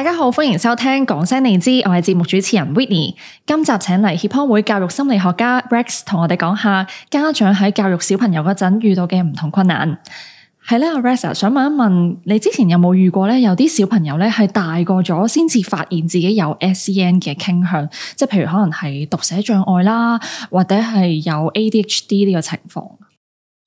大家好，歡迎收聽講聲你知，我係節目主持人 Winnie。今集請嚟協康會教育心理學家 Rex 同我哋講下家長喺教育小朋友嗰陣遇到嘅唔同困難。係咧 Rex、啊、想問一問，你之前有冇遇過咧？有啲小朋友咧係大過咗先至發現自己有 SEN 嘅傾向，即係譬如可能係讀寫障礙啦，或者係有 ADHD 呢個情況。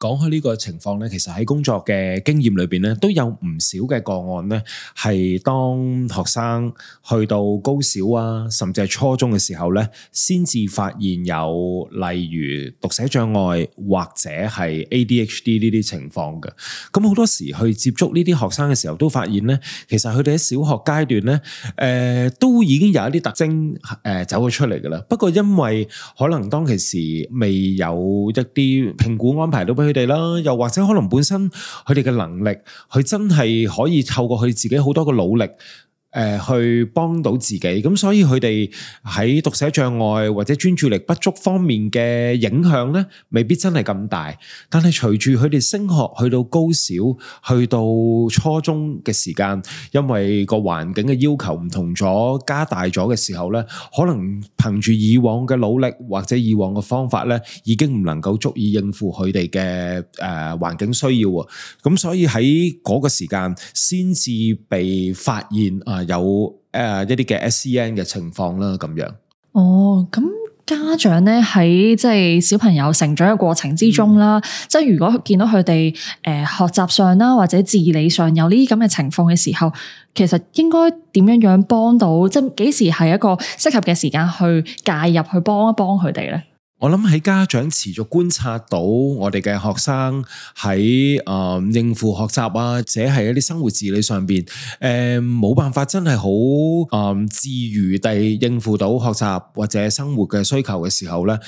講開呢個情況呢，其實喺工作嘅經驗裏邊呢，都有唔少嘅個案呢，係當學生去到高小啊，甚至係初中嘅時候呢，先至發現有例如讀寫障礙或者係 ADHD 呢啲情況嘅。咁好多時去接觸呢啲學生嘅時候，都發現呢，其實佢哋喺小學階段呢，誒都已經有一啲特徵誒走咗出嚟㗎喇。不過因為可能當其時未有一啲評估安排，都俾佢哋啦，又或者可能本身佢哋嘅能力，佢真係可以透過佢自己好多嘅努力。誒，去幫到自己，咁所以佢哋喺讀寫障礙或者專注力不足方面嘅影響呢，未必真係咁大。但係隨住佢哋升學去到高小，去到初中嘅時間，因為個環境嘅要求唔同咗，加大咗嘅時候呢，可能憑住以往嘅努力或者以往嘅方法呢，已經唔能夠足以應付佢哋嘅誒環境需要。咁所以喺嗰個時間，先至被發現誒。有誒一啲嘅 SEN 嘅情況啦，咁樣。哦，咁家長咧喺，即係小朋友成長嘅過程之中啦，即係、嗯、如果見到佢哋誒學習上啦，或者自理上有呢啲咁嘅情況嘅時候，其實應該點樣樣幫到？即係幾時係一個適合嘅時間去介入去幫一幫佢哋咧？我諗喺家長持續觀察到我哋嘅學生喺誒、嗯、應付學習啊，或者係一啲生活自理上面誒冇辦法真係好誒自如地應付到學習或者生活嘅需求嘅時候咧，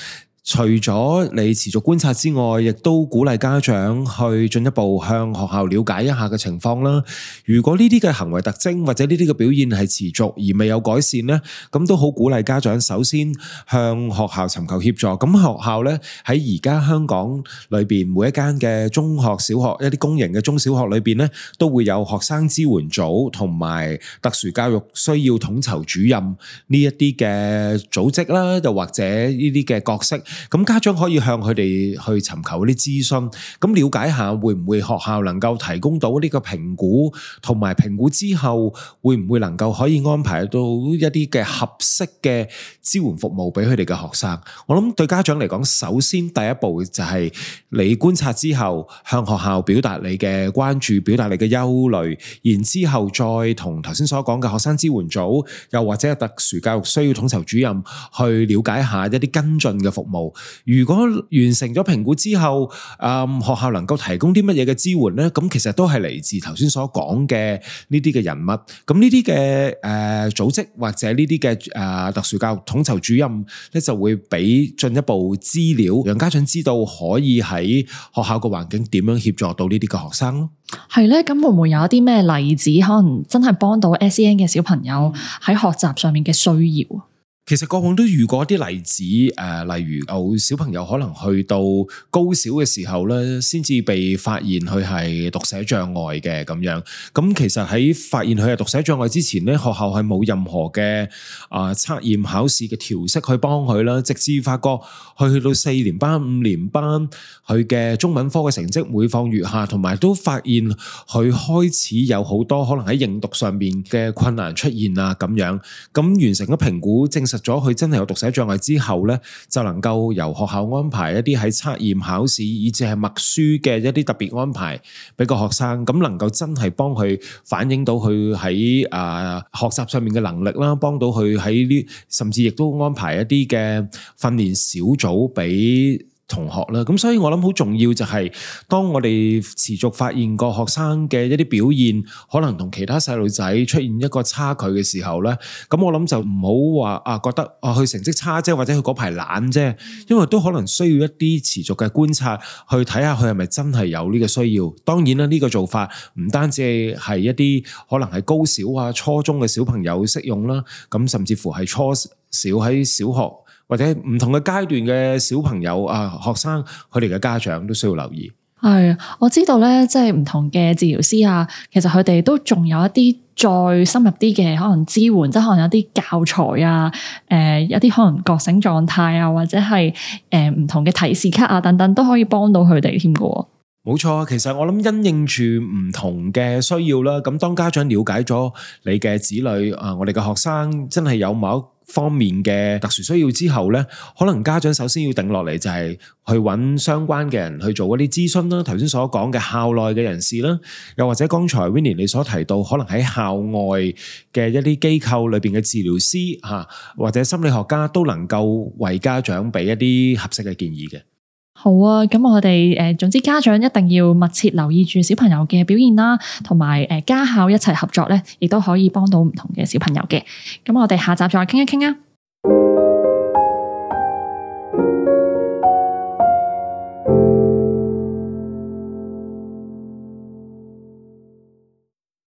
除咗你持續觀察之外，亦都鼓勵家長去進一步向學校了解一下嘅情況啦。如果呢啲嘅行為特徵或者呢啲嘅表現係持續而未有改善呢，咁都好鼓勵家長首先向學校尋求協助。咁學校呢喺而家香港裏邊每一間嘅中學、小學一啲公營嘅中小學裏邊呢，都會有學生支援組同埋特殊教育需要統籌主任呢一啲嘅組織啦，又或者呢啲嘅角色。咁家長可以向佢哋去尋求啲諮詢，咁了解下會唔會學校能夠提供到呢個評估，同埋評估之後會唔會能夠可以安排到一啲嘅合適嘅支援服務俾佢哋嘅學生？我諗對家長嚟講，首先第一步就係你觀察之後，向學校表達你嘅關注，表達你嘅憂慮，然之後再同頭先所講嘅學生支援組，又或者特殊教育需要統籌主任去了解下一啲跟進嘅服務。如果完成咗評估之後，誒、嗯、學校能夠提供啲乜嘢嘅支援呢？咁其實都係嚟自頭先所講嘅呢啲嘅人物，咁呢啲嘅誒組織或者呢啲嘅誒特殊教育統籌主任咧，就會俾進一步資料讓家長知道可以喺學校個環境點樣協助到呢啲嘅學生咯。係咧，咁會唔會有一啲咩例子，可能真係幫到 S E N 嘅小朋友喺學習上面嘅需要？其實過往都遇過一啲例子，誒，例如有小朋友可能去到高小嘅時候咧，先至被發現佢係讀寫障礙嘅咁樣。咁其實喺發現佢係讀寫障礙之前咧，學校係冇任何嘅啊測驗考試嘅調適去幫佢啦，直至發覺佢去到四年班、五年班，佢嘅中文科嘅成績每況愈下，同埋都發現佢開始有好多可能喺認讀上面嘅困難出現啊咁樣。咁完成咗評估正式咗佢真係有讀寫障礙之後呢就能夠由學校安排一啲喺測驗考試，以至係默書嘅一啲特別安排俾個學生，咁能夠真係幫佢反映到佢喺啊學習上面嘅能力啦，幫到佢喺呢，甚至亦都安排一啲嘅訓練小組俾。同學啦，咁所以我諗好重要就係，當我哋持續發現個學生嘅一啲表現，可能同其他細路仔出現一個差距嘅時候咧，咁我諗就唔好話啊，覺得啊佢成績差啫，或者佢嗰排懶啫，因為都可能需要一啲持續嘅觀察去睇下佢係咪真係有呢個需要。當然啦，呢、這個做法唔單止係一啲可能係高小啊、初中嘅小朋友適用啦，咁甚至乎係初小喺小學。或者唔同嘅階段嘅小朋友啊，學生佢哋嘅家長都需要留意。係，我知道咧，即係唔同嘅治療師啊，其實佢哋都仲有一啲再深入啲嘅可能支援，即係可能有啲教材啊，誒、呃，一啲可能覺醒狀態啊，或者係誒唔同嘅提示卡啊，等等都可以幫到佢哋添㗎。冇錯，其實我諗因應住唔同嘅需要啦。咁當家長了解咗你嘅子女啊，我哋嘅學生真係有某。方面嘅特殊需要之後呢，可能家長首先要定落嚟就係去揾相關嘅人去做一啲諮詢啦。頭先所講嘅校內嘅人士啦，又或者剛才 Winnie 你所提到，可能喺校外嘅一啲機構裏邊嘅治療師吓，或者心理學家，都能夠為家長俾一啲合適嘅建議嘅。好啊，咁我哋誒、呃，總之家長一定要密切留意住小朋友嘅表現啦，同埋、呃、家校一齊合作呢，亦都可以幫到唔同嘅小朋友嘅。咁我哋下集再傾一傾啊。